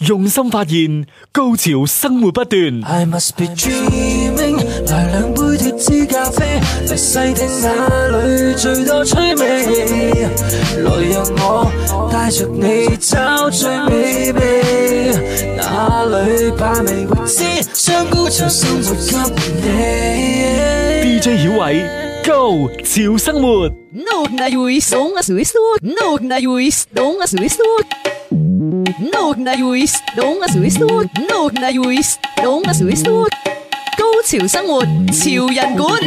用心發現，高潮生活不斷。I must be dreaming，來兩杯鐵咖啡，嚟細聽那裏最多趣味。來讓我帶着你找最美味，那裏把味未知，將高潮生活給你。DJ 小偉。高潮生活。No, ba no, no, no, no, no, no, 高潮生活，潮人館。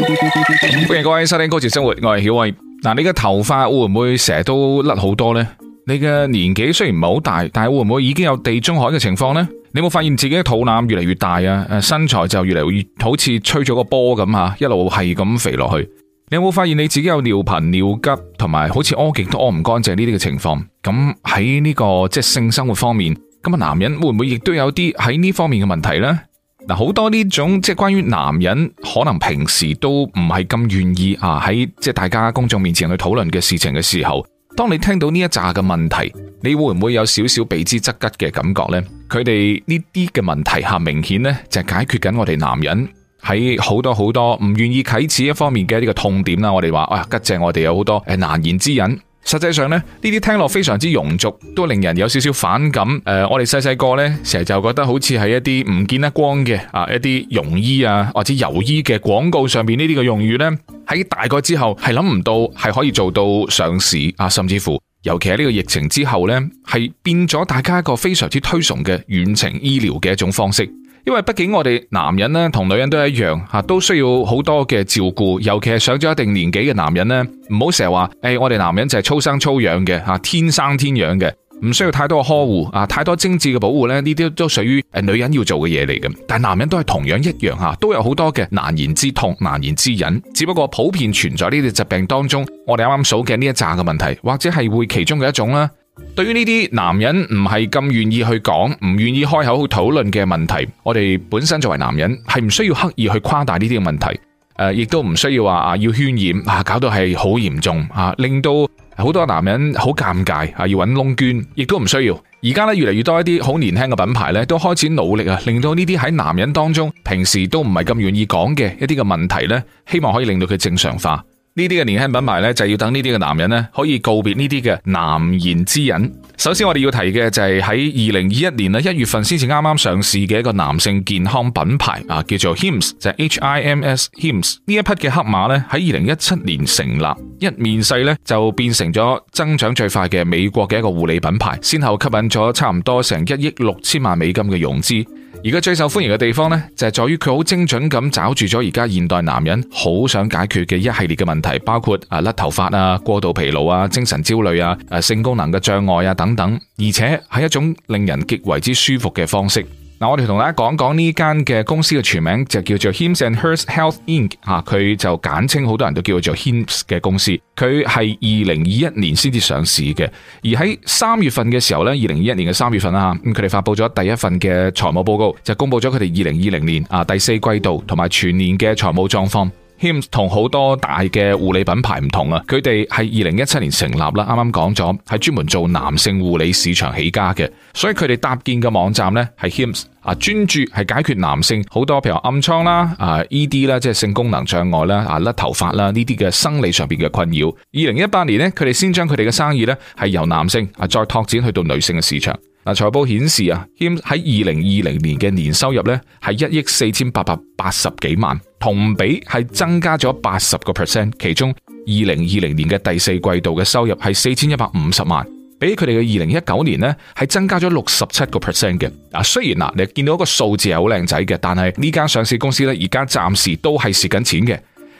歡迎各位收聽《高潮生活》，我係小威。嗱，你嘅頭髮會唔會成日都甩好多呢？你嘅年紀雖然唔係好大，但係會唔會已經有地中海嘅情況呢？你有冇發現自己嘅肚腩越嚟越大啊？誒，身材就越嚟越好似吹咗個波咁吓，一路係咁肥落去。你有冇發現你自己有尿頻、尿急，同埋好似屙極都屙唔乾淨呢啲嘅情況？咁喺呢個即係、就是、性生活方面，咁啊男人會唔會亦都有啲喺呢方面嘅問題呢？嗱，好多呢種即係關於男人可能平時都唔係咁願意啊喺即係大家公眾面前去討論嘅事情嘅時候，當你聽到呢一紮嘅問題，你會唔會有少少避之則吉嘅感覺呢？佢哋呢啲嘅問題下明顯呢就係解決緊我哋男人。喺好多好多唔願意啟齒一方面嘅呢個痛點啦，我哋話，哎呀，吉姐，我哋有好多誒難言之隱。實際上呢，呢啲聽落非常之庸俗，都令人有少少反感。誒、呃，我哋細細個呢，成日就覺得好似係一啲唔見得光嘅啊，一啲庸醫啊或者遊醫嘅廣告上面呢啲嘅用語呢。喺大個之後係諗唔到係可以做到上市啊，甚至乎尤其係呢個疫情之後呢，係變咗大家一個非常之推崇嘅遠程醫療嘅一種方式。因為畢竟我哋男人呢，同女人都一樣吓，都需要好多嘅照顧，尤其係上咗一定年紀嘅男人呢，唔好成日話誒，我哋男人就係粗生粗養嘅吓，天生天養嘅，唔需要太多嘅呵護啊，太多精緻嘅保護咧，呢啲都屬於誒女人要做嘅嘢嚟嘅。但係男人都係同樣一樣吓，都有好多嘅難言之痛、難言之隱，只不過普遍存在呢啲疾病當中，我哋啱啱數嘅呢一紮嘅問題，或者係會其中嘅一種啦。對於呢啲男人唔係咁願意去講，唔願意開口去討論嘅問題，我哋本身作為男人係唔需要刻意去誇大呢啲嘅問題，誒，亦都唔需要話啊要渲染啊，搞到係好嚴重啊，令到好多男人好尷尬啊，要揾窿捐，亦都唔需要。而家咧越嚟越多一啲好年輕嘅品牌咧，都開始努力啊，令到呢啲喺男人當中平時都唔係咁願意講嘅一啲嘅問題咧，希望可以令到佢正常化。呢啲嘅年輕品牌咧，就要等呢啲嘅男人咧，可以告別呢啲嘅難言之隱。首先我哋要提嘅就係喺二零二一年啊一月份，先至啱啱上市嘅一個男性健康品牌啊，叫做 Hims，就係 H I M S H I M S 呢一匹嘅黑馬咧，喺二零一七年成立，一面世咧就變成咗增長最快嘅美國嘅一個護理品牌，先後吸引咗差唔多成一億六千萬美金嘅融資。而家最受歡迎嘅地方呢，就係在於佢好精準咁找住咗而家現代男人好想解決嘅一系列嘅問題，包括啊甩頭髮啊、過度疲勞啊、精神焦慮啊、誒性功能嘅障礙啊等等，而且係一種令人極為之舒服嘅方式。嗱，我哋同大家講講呢間嘅公司嘅全名就叫做 Hims and Hers Health Inc. 啊，佢就簡稱好多人都叫做 Hims 嘅公司。佢係二零二一年先至上市嘅，而喺三月份嘅時候呢，二零二一年嘅三月份啊，佢哋發布咗第一份嘅財務報告，就公布咗佢哋二零二零年啊第四季度同埋全年嘅財務狀況。Hims 同好多大嘅護理品牌唔同啊，佢哋係二零一七年成立啦，啱啱講咗係專門做男性護理市場起家嘅，所以佢哋搭建嘅網站呢係 Hims 啊，專注係解決男性好多譬如暗瘡啦、啊 ED 啦，即係性功能障礙啦、啊甩頭髮啦呢啲嘅生理上邊嘅困擾。二零一八年呢，佢哋先將佢哋嘅生意呢係由男性啊再拓展去到女性嘅市場。嗱，財報顯示啊，HIMS 喺二零二零年嘅年收入咧係一億四千八百八十幾萬，同比係增加咗八十個 percent，其中二零二零年嘅第四季度嘅收入係四千一百五十萬，比佢哋嘅二零一九年呢係增加咗六十七個 percent 嘅。啊，雖然嗱你見到一個數字係好靚仔嘅，但係呢間上市公司呢而家暫時都係蝕緊錢嘅。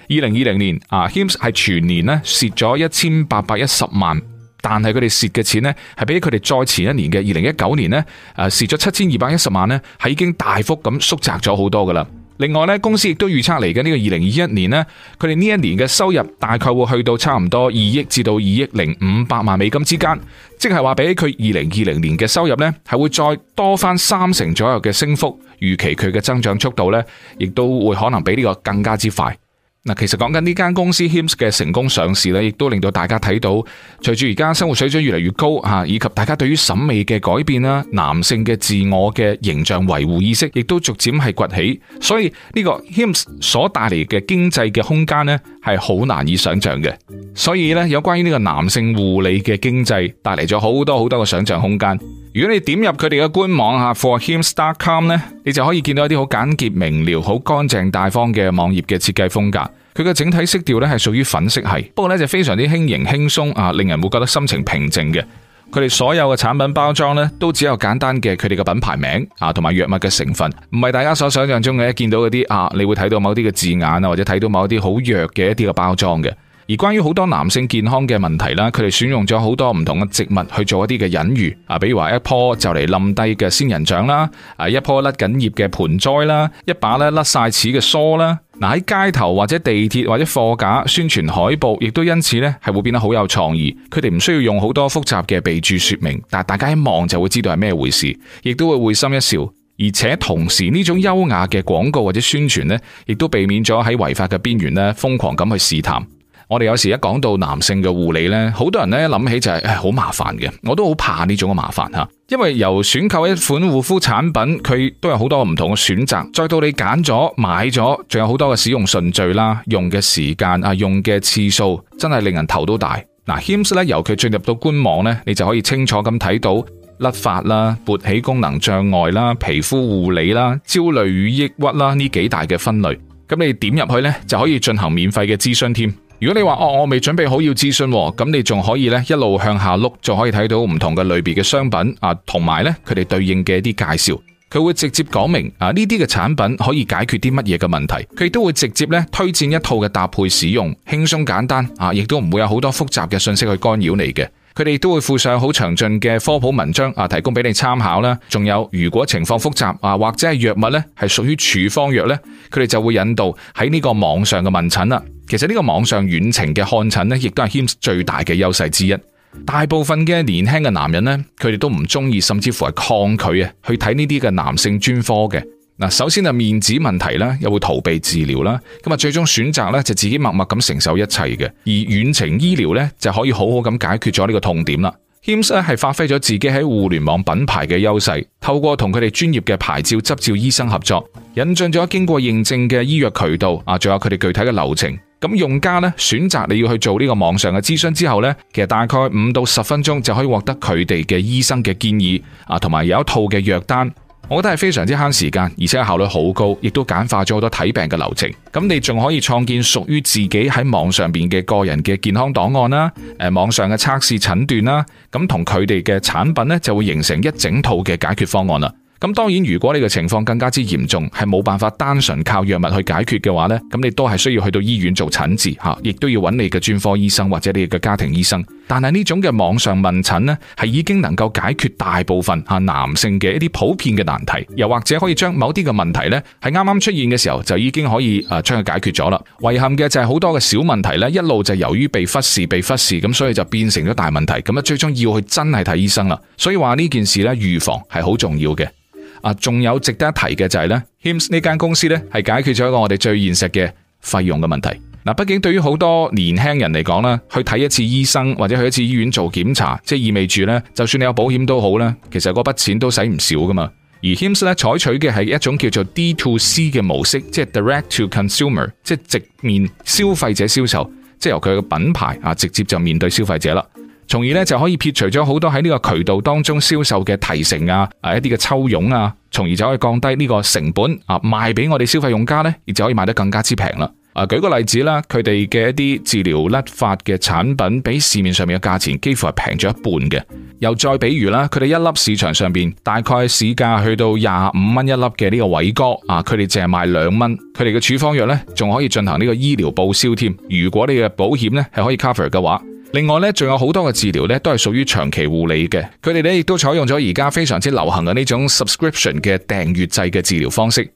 二零二零年啊，HIMS 係全年咧蝕咗一千八百一十萬。但係佢哋蝕嘅錢呢，係比佢哋再前一年嘅二零一九年呢，誒蝕咗七千二百一十萬呢，係已經大幅咁縮窄咗好多噶啦。另外呢，公司亦都預測嚟緊呢個二零二一年呢，佢哋呢一年嘅收入大概會去到差唔多二億至到二億零五百萬美金之間，即係話比佢二零二零年嘅收入呢，係會再多翻三成左右嘅升幅，預期佢嘅增長速度呢，亦都會可能比呢個更加之快。嗱，其實講緊呢間公司 HIMS 嘅成功上市咧，亦都令到大家睇到，隨住而家生活水準越嚟越高吓，以及大家對於審美嘅改變啦，男性嘅自我嘅形象維護意識，亦都逐漸係崛起，所以呢個 HIMS 所帶嚟嘅經濟嘅空間呢，係好難以想象嘅，所以咧有關於呢個男性護理嘅經濟帶嚟咗好多好多嘅想象空間。如果你點入佢哋嘅官網啊，forhims.com 咧，你就可以見到一啲好簡潔明了、好乾淨大方嘅網頁嘅設計風格。佢嘅整體色調咧係屬於粉色系，不過咧就非常之輕盈輕鬆啊，令人會覺得心情平靜嘅。佢哋所有嘅產品包裝呢，都只有簡單嘅佢哋嘅品牌名啊，同埋藥物嘅成分，唔係大家所想象中嘅一見到嗰啲啊，你會睇到某啲嘅字眼啊，或者睇到某啲好弱嘅一啲嘅包裝嘅。而關於好多男性健康嘅問題啦，佢哋選用咗好多唔同嘅植物去做一啲嘅隱喻啊，比如話一棵就嚟冧低嘅仙人掌啦，啊一棵甩緊葉嘅盆栽啦，一把咧甩晒齒嘅梳啦。喺街頭或者地鐵或者貨架宣傳海報，亦都因此呢係會變得好有創意。佢哋唔需要用好多複雜嘅備注說明，但大家一望就會知道係咩回事，亦都會會心一笑。而且同時呢種優雅嘅廣告或者宣傳呢，亦都避免咗喺違法嘅邊緣呢瘋狂咁去試探。我哋有時一講到男性嘅護理呢，好多人呢諗起就係、誒、好麻煩嘅。我都好怕呢種嘅麻煩吓，因為由選購一款護膚產品，佢都有好多唔同嘅選擇，再到你揀咗買咗，仲有好多嘅使用順序啦、用嘅時間啊、用嘅次數，真係令人頭都大嗱。Hims 由佢進入到官網呢，你就可以清楚咁睇到甩髮啦、勃起功能障礙啦、皮膚護理啦、焦慮與抑鬱啦呢幾大嘅分類。咁你點入去呢，就可以進行免費嘅諮詢添。如果你話哦，我未準備好要諮詢，哦，咁你仲可以呢一路向下碌，就可以睇到唔同嘅類別嘅商品啊，同埋呢佢哋對應嘅一啲介紹，佢會直接講明啊呢啲嘅產品可以解決啲乜嘢嘅問題，佢亦都會直接呢推薦一套嘅搭配使用，輕鬆簡單啊，亦都唔會有好多複雜嘅信息去干擾你嘅，佢哋都會附上好詳盡嘅科普文章啊，提供俾你參考啦。仲有、啊、如果情況複雜啊，或者係藥物呢係屬於處方藥呢，佢哋就會引導喺呢個網上嘅問診啦。其實呢個網上遠程嘅看診呢，亦都係 Hims 最大嘅優勢之一。大部分嘅年輕嘅男人呢，佢哋都唔中意，甚至乎係抗拒啊，去睇呢啲嘅男性專科嘅。嗱，首先係面子問題啦，又會逃避治療啦，咁啊，最終選擇呢，就自己默默咁承受一切嘅。而遠程醫療呢，就可以好好咁解決咗呢個痛點啦。Hims 咧係發揮咗自己喺互聯網品牌嘅優勢，透過同佢哋專業嘅牌照執照醫生合作，引進咗經過認證嘅醫藥渠道啊，仲有佢哋具體嘅流程。咁用家咧，選擇你要去做呢個網上嘅諮詢之後呢，其實大概五到十分鐘就可以獲得佢哋嘅醫生嘅建議啊，同埋有一套嘅藥單，我覺得係非常之慳時間，而且效率好高，亦都簡化咗好多睇病嘅流程。咁你仲可以創建屬於自己喺網上邊嘅個人嘅健康檔案啦，誒、啊，網上嘅測試診斷啦，咁同佢哋嘅產品呢，就會形成一整套嘅解決方案啦。咁當然，如果你嘅情況更加之嚴重，係冇辦法單純靠藥物去解決嘅話呢，咁你都係需要去到醫院做診治吓，亦都要揾你嘅專科醫生或者你嘅家庭醫生。但係呢種嘅網上問診呢，係已經能夠解決大部分吓男性嘅一啲普遍嘅難題，又或者可以將某啲嘅問題呢，係啱啱出現嘅時候就已經可以啊將佢解決咗啦。遺憾嘅就係好多嘅小問題呢，一路就由於被忽視、被忽視，咁所以就變成咗大問題，咁啊最終要去真係睇醫生啦。所以話呢件事呢，預防係好重要嘅。啊，仲有值得一提嘅就係呢 Hims 呢間公司呢係解決咗一個我哋最現實嘅費用嘅問題。嗱，畢竟對於好多年輕人嚟講啦，去睇一次醫生或者去一次醫院做檢查，即係意味住呢，就算你有保險都好啦，其實嗰筆錢都使唔少噶嘛。而 Hims 咧採取嘅係一種叫做 D to C 嘅模式，即係 Direct to Consumer，即係直面消費者銷售，即係由佢嘅品牌啊直接就面對消費者啦。從而咧就可以撇除咗好多喺呢個渠道當中銷售嘅提成啊，誒一啲嘅抽傭啊，從而就可以降低呢個成本啊，賣俾我哋消費用家呢，亦就可以賣得更加之平啦。誒、啊，舉個例子啦，佢哋嘅一啲治療甩髮嘅產品，比市面上面嘅價錢幾乎係平咗一半嘅。又再比如啦，佢哋一粒市場上邊大概市價去到廿五蚊一粒嘅呢個偉哥啊，佢哋淨係賣兩蚊。佢哋嘅處方藥呢，仲可以進行呢個醫療報銷添。如果你嘅保險呢係可以 cover 嘅話。另外咧，仲有好多嘅治療咧，都係屬於長期護理嘅。佢哋咧亦都採用咗而家非常之流行嘅呢種 subscription 嘅訂閱制嘅治療方式。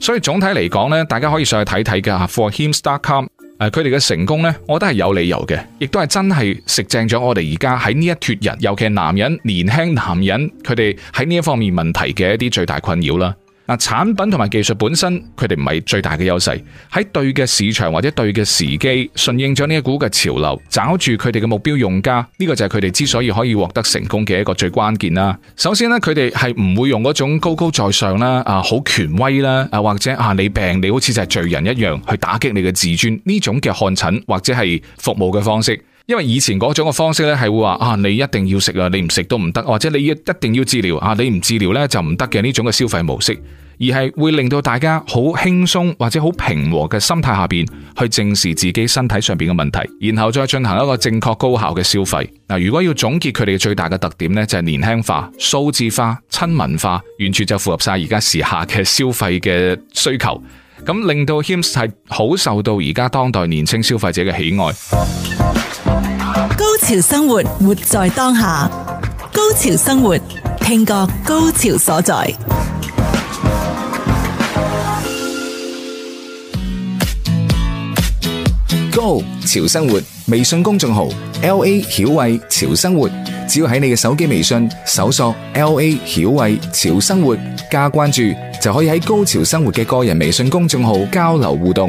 所以總體嚟講咧，大家可以上去睇睇噶。啊，forhims.com，s t 誒，佢哋嘅成功咧，我都係有理由嘅，亦都係真係食正咗我哋而家喺呢一脫人，尤其係男人、年輕男人，佢哋喺呢一方面問題嘅一啲最大困擾啦。嗱，產品同埋技術本身，佢哋唔係最大嘅優勢。喺對嘅市場或者對嘅時機，順應咗呢一股嘅潮流，找住佢哋嘅目標用家，呢個就係佢哋之所以可以獲得成功嘅一個最關鍵啦。首先呢，佢哋係唔會用嗰種高高在上啦，啊，好權威啦，啊或者啊，你病你好似就係罪人一樣去打擊你嘅自尊呢種嘅看診或者係服務嘅方式。因為以前嗰種嘅方式咧，係會話啊，你一定要食啦，你唔食都唔得，或者你要一定要治療啊，你唔治療咧就唔得嘅呢種嘅消費模式，而係會令到大家好輕鬆或者好平和嘅心態下邊去正視自己身體上邊嘅問題，然後再進行一個正確高效嘅消費。嗱，如果要總結佢哋最大嘅特點咧，就係年輕化、數字化、親民化，完全就符合晒而家時下嘅消費嘅需求，咁令到 Hims 係好受到而家當代年輕消費者嘅喜愛。高潮生活，活在當下。高潮生活，聽覺高潮所在。高潮生活微信公眾號 L A 曉慧潮生活，只要喺你嘅手機微信搜索 L A 曉慧潮生活加關注，就可以喺高潮生活嘅個人微信公眾號交流互動。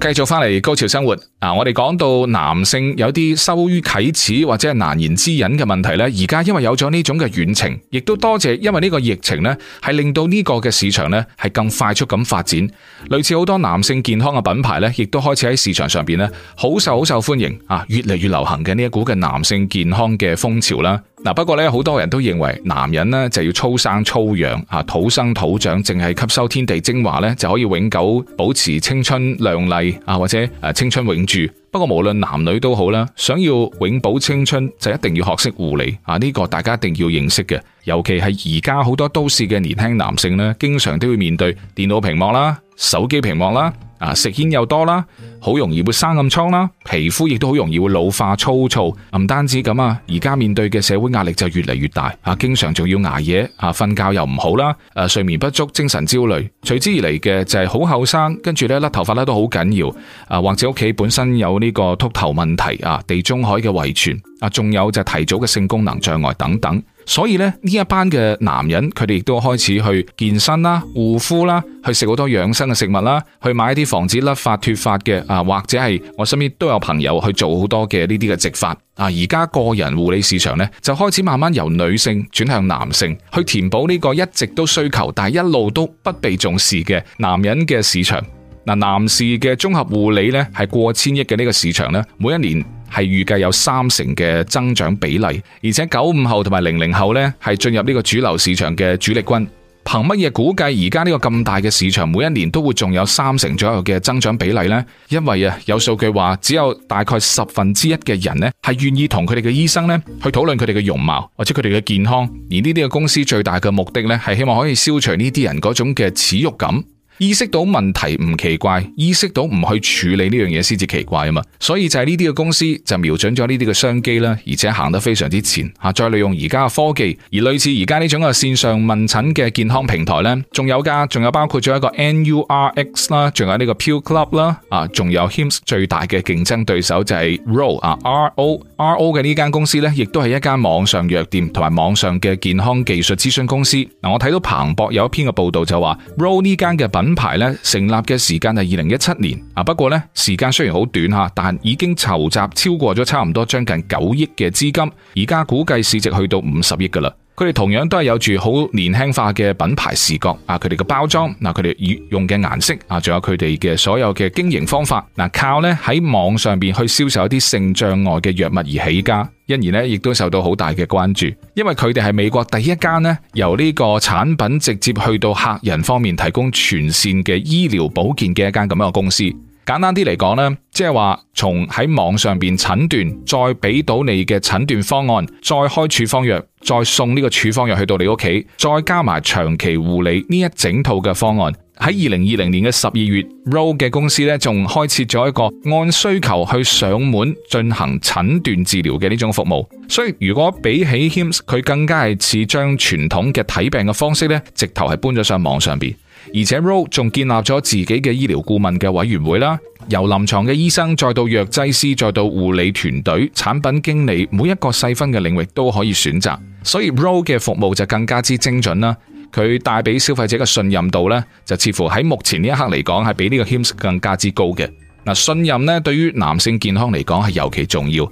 繼續翻嚟高潮生活嗱，啊，我哋講到男性有啲羞於啟齒或者係難言之隱嘅問題咧，而家因為有咗呢種嘅遠程，亦都多謝因為呢個疫情呢係令到呢個嘅市場呢係更快速咁發展，類似好多男性健康嘅品牌呢，亦都開始喺市場上邊呢好受好受歡迎啊，越嚟越流行嘅，呢一股嘅男性健康嘅風潮啦。嗱，不過咧，好多人都認為男人咧就要粗生粗養啊，土生土長，淨係吸收天地精華咧，就可以永久保持青春靚麗啊，或者誒青春永駐。不過無論男女都好啦，想要永葆青春就一定要學識護理啊，呢個大家一定要認識嘅。尤其係而家好多都市嘅年輕男性咧，經常都會面對電腦屏幕啦、手機屏幕啦，啊食煙又多啦。好容易會生暗瘡啦，皮膚亦都好容易會老化粗糙。唔單止咁啊，而家面對嘅社會壓力就越嚟越大啊，經常仲要捱夜啊，瞓覺又唔好啦，誒，睡眠不足，精神焦慮，隨之而嚟嘅就係好後生，跟住呢甩頭髮咧都好緊要啊，或者屋企本身有呢個禿頭問題啊，地中海嘅遺傳啊，仲有就係提早嘅性功能障礙等等，所以呢，呢一班嘅男人，佢哋亦都開始去健身啦、護膚啦，去食好多養生嘅食物啦，去買一啲防止甩髮脫髮嘅。啊，或者係我身邊都有朋友去做好多嘅呢啲嘅植髮。啊，而家個人護理市場呢，就開始慢慢由女性轉向男性，去填補呢個一直都需求但係一路都不被重視嘅男人嘅市場。嗱、啊，男士嘅綜合護理呢，係過千億嘅呢個市場呢，每一年係預計有三成嘅增長比例，而且九五後同埋零零後呢，係進入呢個主流市場嘅主力軍。憑乜嘢估計而家呢個咁大嘅市場每一年都會仲有三成左右嘅增長比例呢？因為啊，有數據話只有大概十分之一嘅人呢係願意同佢哋嘅醫生呢去討論佢哋嘅容貌或者佢哋嘅健康，而呢啲嘅公司最大嘅目的呢，係希望可以消除呢啲人嗰種嘅恥辱感。意識到問題唔奇怪，意識到唔去處理呢樣嘢先至奇怪啊嘛，所以就係呢啲嘅公司就瞄準咗呢啲嘅商機啦，而且行得非常之前嚇。再利用而家嘅科技，而類似而家呢種嘅線上問診嘅健康平台呢，仲有噶，仲有包括咗一個 NURX 啦，仲有呢個 Pill Club 啦，啊，仲有 Hims 最大嘅競爭對手就係 Row 啊 R O R O 嘅呢間公司呢，亦都係一間網上藥店同埋網上嘅健康技術諮詢公司嗱。我睇到彭博有一篇嘅報道就話 Row 呢間嘅品。品牌咧成立嘅時間係二零一七年啊，不過咧時間雖然好短吓，但已經籌集超過咗差唔多將近九億嘅資金，而家估計市值去到五十億噶啦。佢哋同樣都係有住好年輕化嘅品牌視覺啊！佢哋嘅包裝，嗱佢哋用嘅顏色啊，仲有佢哋嘅所有嘅經營方法，嗱靠咧喺網上邊去銷售一啲性障礙嘅藥物而起家，因而呢亦都受到好大嘅關注，因為佢哋係美國第一間咧由呢個產品直接去到客人方面提供全線嘅醫療保健嘅一間咁樣嘅公司。簡單啲嚟講呢即係話，從喺網上邊診斷，再俾到你嘅診斷方案，再開處方藥，再送呢個處方藥去到你屋企，再加埋長期護理呢一整套嘅方案。喺二零二零年嘅十二月，Ro 嘅公司呢仲開設咗一個按需求去上門進行診斷治療嘅呢種服務。所以如果比起 Hims，佢更加係似將傳統嘅睇病嘅方式呢，直頭係搬咗上網上邊。而且 Ro 仲建立咗自己嘅醫療顧問嘅委員會啦，由臨牀嘅醫生再到藥劑師再到護理團隊、產品經理，每一個細分嘅領域都可以選擇，所以 Ro 嘅服務就更加之精準啦。佢帶俾消費者嘅信任度呢，就似乎喺目前呢一刻嚟講係比呢個 Hims 更加之高嘅。嗱，信任呢對於男性健康嚟講係尤其重要。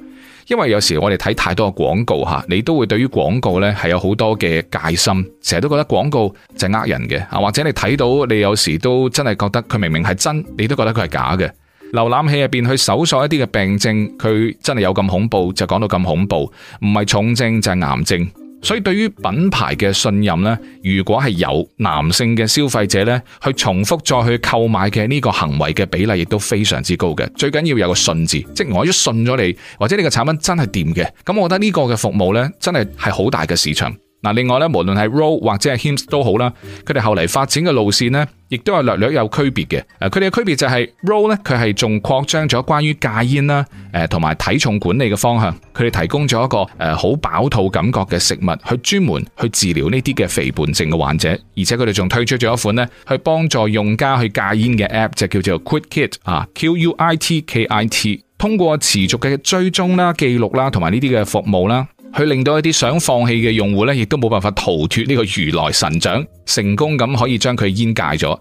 因為有時我哋睇太多嘅廣告吓，你都會對於廣告咧係有好多嘅戒心，成日都覺得廣告就係呃人嘅啊，或者你睇到你有時都真係覺得佢明明係真，你都覺得佢係假嘅。瀏覽器入邊去搜索一啲嘅病症，佢真係有咁恐怖就講到咁恐怖，唔係重症就係癌症。所以對於品牌嘅信任咧，如果係有男性嘅消費者咧，去重複再去購買嘅呢個行為嘅比例亦都非常之高嘅。最緊要有個信字，即我一信咗你，或者你個產品真係掂嘅，咁我覺得呢個嘅服務咧，真係係好大嘅市場。嗱，另外咧，無論係 Ro 或者係 Hims 都好啦，佢哋後嚟發展嘅路線呢亦都係略略有區別嘅。誒，佢哋嘅區別就係 Ro 咧，佢係仲擴張咗關於戒煙啦，誒同埋體重管理嘅方向。佢哋提供咗一個誒好飽肚感覺嘅食物，去專門去治療呢啲嘅肥胖症嘅患者，而且佢哋仲推出咗一款呢去幫助用家去戒煙嘅 App，就叫做 Quit Kit 啊，Q U I T K I T。K、I T，通過持續嘅追蹤啦、記錄啦同埋呢啲嘅服務啦。去令到一啲想放棄嘅用戶咧，亦都冇辦法逃脱呢個如來神掌，成功咁可以將佢煙戒咗。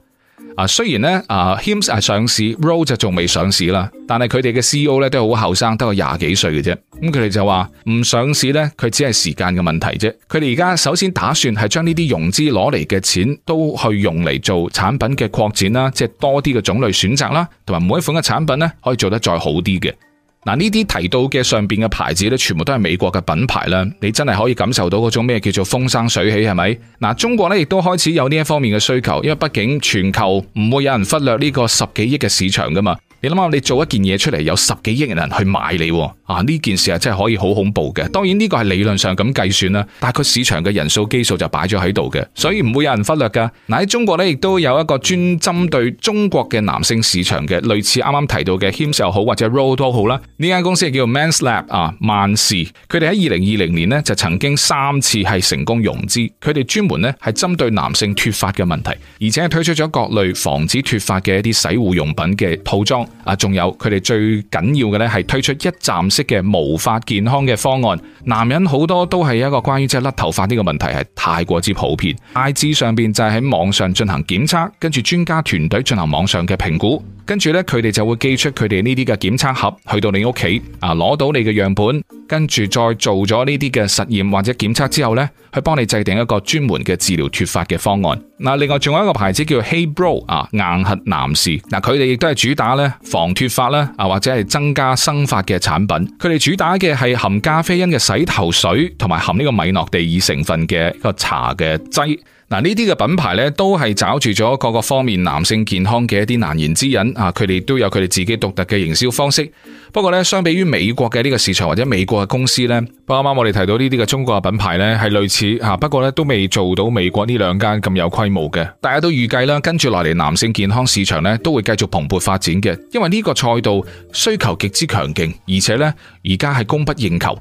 啊，雖然呢啊，Hims 係上市，Row 就仲未上市啦，但係佢哋嘅 CEO 咧都好後生，得個廿幾歲嘅啫。咁佢哋就話唔上市咧，佢只係時間嘅問題啫。佢哋而家首先打算係將呢啲融資攞嚟嘅錢都去用嚟做產品嘅擴展啦，即係多啲嘅種類選擇啦，同埋每一款嘅產品咧可以做得再好啲嘅。嗱，呢啲提到嘅上邊嘅牌子咧，全部都係美國嘅品牌啦。你真係可以感受到嗰種咩叫做風生水起，係咪？嗱，中國咧亦都開始有呢一方面嘅需求，因為畢竟全球唔會有人忽略呢個十幾億嘅市場噶嘛。你諗下，你做一件嘢出嚟，有十幾億人去買你，啊，呢件事真係可以好恐怖嘅。當然呢、呢個係理論上咁計算啦，但係佢市場嘅人數基數就擺咗喺度嘅，所以唔會有人忽略噶。嗱、啊、喺中國咧，亦都有一個專針對中國嘅男性市場嘅類似啱啱提到嘅軒勢好或者 RODO 都好啦，呢間公司叫做 Man's Lab 啊，萬事佢哋喺二零二零年咧就曾經三次係成功融資，佢哋專門咧係針對男性脫髮嘅問題，而且係推出咗各類防止脫髮嘅一啲洗護用品嘅套裝。啊，仲有佢哋最緊要嘅呢係推出一站式嘅毛髮健康嘅方案。男人好多都係一個關於即係甩頭髮呢個問題，係太過之普遍。IG 上邊就係喺網上進行檢測，跟住專家團隊進行網上嘅評估。跟住呢，佢哋就會寄出佢哋呢啲嘅檢測盒去到你屋企，啊，攞到你嘅樣本，跟住再做咗呢啲嘅實驗或者檢測之後呢，去幫你制定一個專門嘅治療脫髮嘅方案。嗱，另外仲有一個牌子叫 Hey Bro 啊，硬核男士。嗱、啊，佢哋亦都係主打咧防脫髮啦，啊或者係增加生髮嘅產品。佢哋主打嘅係含咖啡因嘅洗頭水，同埋含呢個米諾地爾成分嘅個茶嘅劑。嗱，呢啲嘅品牌咧，都係找住咗各個方面男性健康嘅一啲難言之隱啊，佢哋都有佢哋自己獨特嘅營銷方式。不過咧，相比於美國嘅呢個市場或者美國嘅公司呢，不過啱啱我哋提到呢啲嘅中國嘅品牌呢，係類似吓，不過呢都未做到美國呢兩間咁有規模嘅。大家都預計啦，跟住落嚟男性健康市場呢都會繼續蓬勃發展嘅，因為呢個賽道需求極之強勁，而且呢而家係供不應求。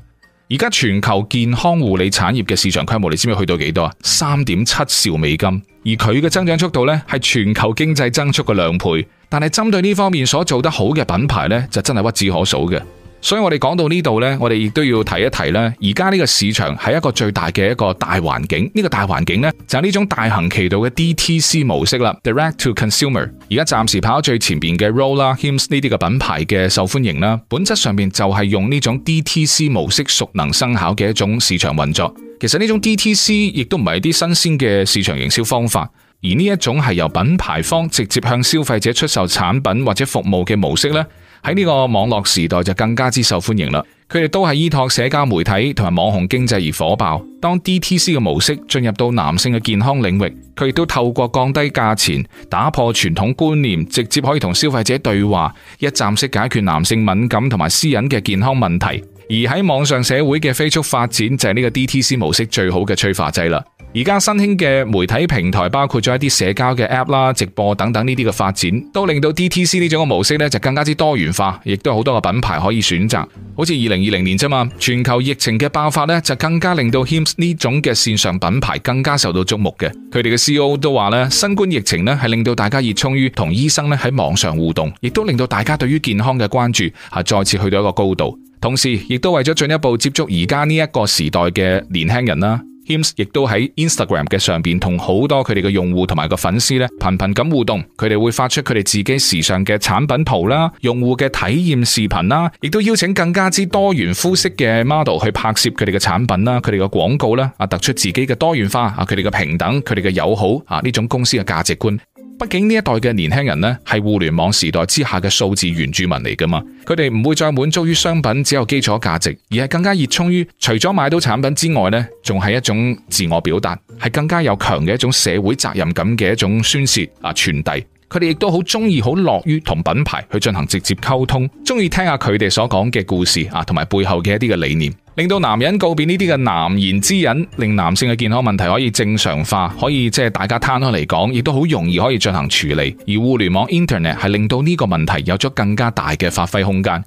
而家全球健康護理產業嘅市場規模，你知唔知去到幾多啊？三點七兆美金，而佢嘅增長速度呢，係全球經濟增速嘅兩倍，但係針對呢方面所做得好嘅品牌呢，就真係屈指可數嘅。所以我哋講到呢度呢，我哋亦都要提一提呢。而家呢個市場係一個最大嘅一個大環境，呢個大環境呢，就係呢種大行其道嘅 DTC 模式啦，Direct to Consumer。而家暫時跑喺最前邊嘅 Role 啦、Hims 呢啲嘅品牌嘅受歡迎啦，本質上面就係用呢種 DTC 模式熟能生巧嘅一種市場運作。其實呢種 DTC 亦都唔係啲新鮮嘅市場營銷方法，而呢一種係由品牌方直接向消費者出售產品或者服務嘅模式呢。喺呢個網絡時代就更加之受歡迎啦，佢哋都係依託社交媒體同埋網紅經濟而火爆。當 DTC 嘅模式進入到男性嘅健康領域，佢亦都透過降低價錢、打破傳統觀念，直接可以同消費者對話，一站式解決男性敏感同埋私隱嘅健康問題。而喺網上社會嘅飛速發展，就係呢個 DTC 模式最好嘅催化劑啦。而家新興嘅媒體平台包括咗一啲社交嘅 App 啦、直播等等呢啲嘅發展，都令到 DTC 呢種嘅模式呢就更加之多元化，亦都有好多嘅品牌可以選擇。好似二零二零年啫嘛，全球疫情嘅爆發呢就更加令到 Hims 呢種嘅線上品牌更加受到矚目嘅。佢哋嘅 CEO 都話呢新冠疫情呢係令到大家熱衷於同醫生呢喺網上互動，亦都令到大家對於健康嘅關注啊再次去到一個高度，同時亦都為咗進一步接觸而家呢一個時代嘅年輕人啦。Teams 亦都喺 Instagram 嘅上邊同好多佢哋嘅用戶同埋個粉絲咧頻頻咁互動，佢哋會發出佢哋自己時尚嘅產品圖啦，用戶嘅體驗視頻啦，亦都邀請更加之多元膚色嘅 model 去拍攝佢哋嘅產品啦，佢哋嘅廣告啦，啊突出自己嘅多元化啊，佢哋嘅平等，佢哋嘅友好啊呢種公司嘅價值觀。畢竟呢一代嘅年輕人呢，係互聯網時代之下嘅數字原住民嚟㗎嘛，佢哋唔會再滿足於商品只有基礎價值，而係更加熱衷於除咗買到產品之外呢，仲係一種自我表達，係更加有強嘅一種社會責任感嘅一種宣泄啊、傳遞。傳遞佢哋亦都好中意，好樂於同品牌去進行直接溝通，中意聽下佢哋所講嘅故事啊，同埋背後嘅一啲嘅理念，令到男人告別呢啲嘅難言之隱，令男性嘅健康問題可以正常化，可以即係大家攤開嚟講，亦都好容易可以進行處理。而互聯網 Internet 係令到呢個問題有咗更加大嘅發揮空間。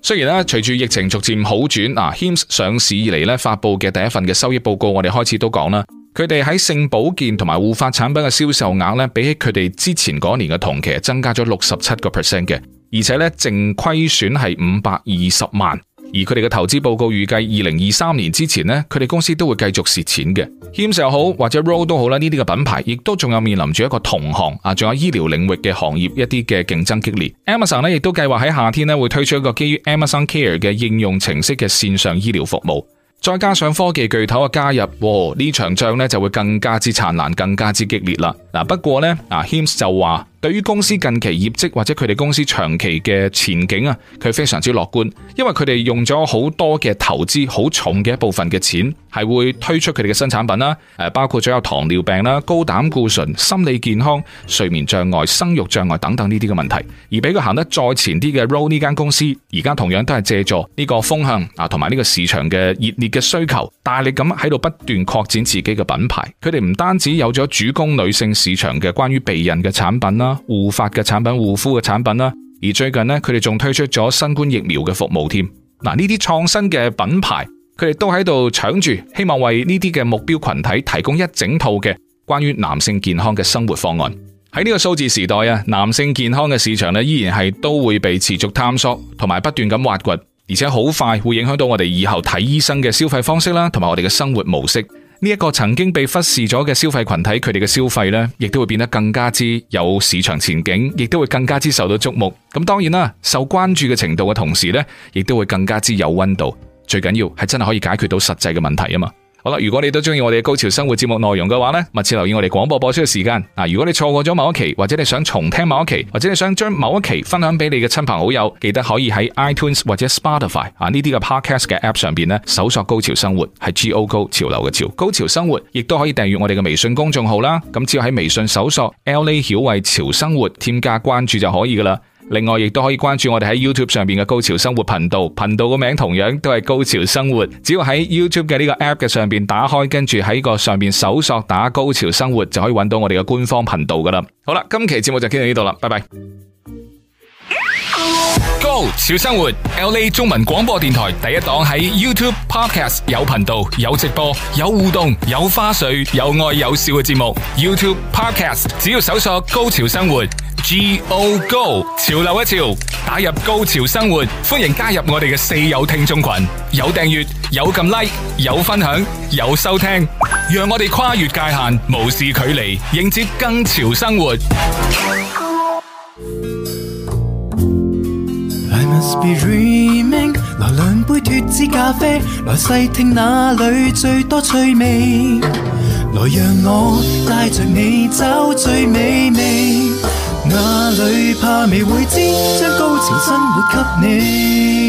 雖然呢，隨住疫情逐漸好轉，啊，Hims 上市以嚟呢，發佈嘅第一份嘅收益報告，我哋開始都講啦。佢哋喺性保健同埋護發產品嘅銷售額咧，比起佢哋之前嗰年嘅同期增加咗六十七個 percent 嘅，而且咧淨虧損係五百二十萬。而佢哋嘅投資報告預計二零二三年之前咧，佢哋公司都會繼續蝕錢嘅。謙石又好或者 Roll 都好啦，呢啲嘅品牌亦都仲有面臨住一個同行啊，仲有醫療領域嘅行業一啲嘅競爭激烈。Amazon 咧亦都計劃喺夏天咧會推出一個基於 Amazon Care 嘅應用程式嘅線上醫療服務。再加上科技巨頭嘅加入，呢場仗就會更加之燦爛，更加之激烈啦。不過呢，阿 Himes 就話，對於公司近期業績或者佢哋公司長期嘅前景啊，佢非常之樂觀，因為佢哋用咗好多嘅投資，好重嘅一部分嘅錢。係會推出佢哋嘅新產品啦，誒，包括咗有糖尿病啦、高膽固醇、心理健康、睡眠障礙、生育障礙等等呢啲嘅問題。而俾佢行得再前啲嘅 role 呢間公司，而家同樣都係借助呢個風向啊，同埋呢個市場嘅熱烈嘅需求，大力咁喺度不斷擴展自己嘅品牌。佢哋唔單止有咗主攻女性市場嘅關於避孕嘅產品啦、護髮嘅產品、護膚嘅產品啦，而最近呢，佢哋仲推出咗新冠疫苗嘅服務添。嗱，呢啲創新嘅品牌。佢哋都喺度搶住，希望為呢啲嘅目標群體提供一整套嘅關於男性健康嘅生活方案。喺呢個數字時代啊，男性健康嘅市場呢依然係都會被持續探索，同埋不斷咁挖掘，而且好快會影響到我哋以後睇醫生嘅消費方式啦，同埋我哋嘅生活模式。呢一個曾經被忽視咗嘅消費群體，佢哋嘅消費呢亦都會變得更加之有市場前景，亦都會更加之受到矚目。咁當然啦，受關注嘅程度嘅同時呢，亦都會更加之有溫度。最緊要係真係可以解決到實際嘅問題啊嘛！好啦，如果你都中意我哋嘅高潮生活節目內容嘅話咧，密切留意我哋廣播播出嘅時間啊！如果你錯過咗某一期，或者你想重聽某一期，或者你想將某一期分享俾你嘅親朋好友，記得可以喺 iTunes 或者 Spotify 啊呢啲嘅 Podcast 嘅 App 上邊咧，搜索高潮生活係 G O G 潮流嘅潮，高潮生活亦都可以訂閱我哋嘅微信公眾號啦。咁只要喺微信搜索 LA 曉慧潮生活，添加關注就可以噶啦另外，亦都可以關注我哋喺 YouTube 上面嘅高潮生活頻道，頻道個名同樣都係高潮生活。只要喺 YouTube 嘅呢個 App G O Go，潮流一潮，打入高潮生活，歡迎加入我哋嘅四友聽眾群，有訂閱，有撳 like，有分享，有收聽，讓我哋跨越界限，無視距離，迎接更潮生活。I must be dreaming，來兩杯脫脂咖啡，來細聽哪裏最多趣味。來讓我帶着你找最美味哪裡怕未會知，將高潮生活給你。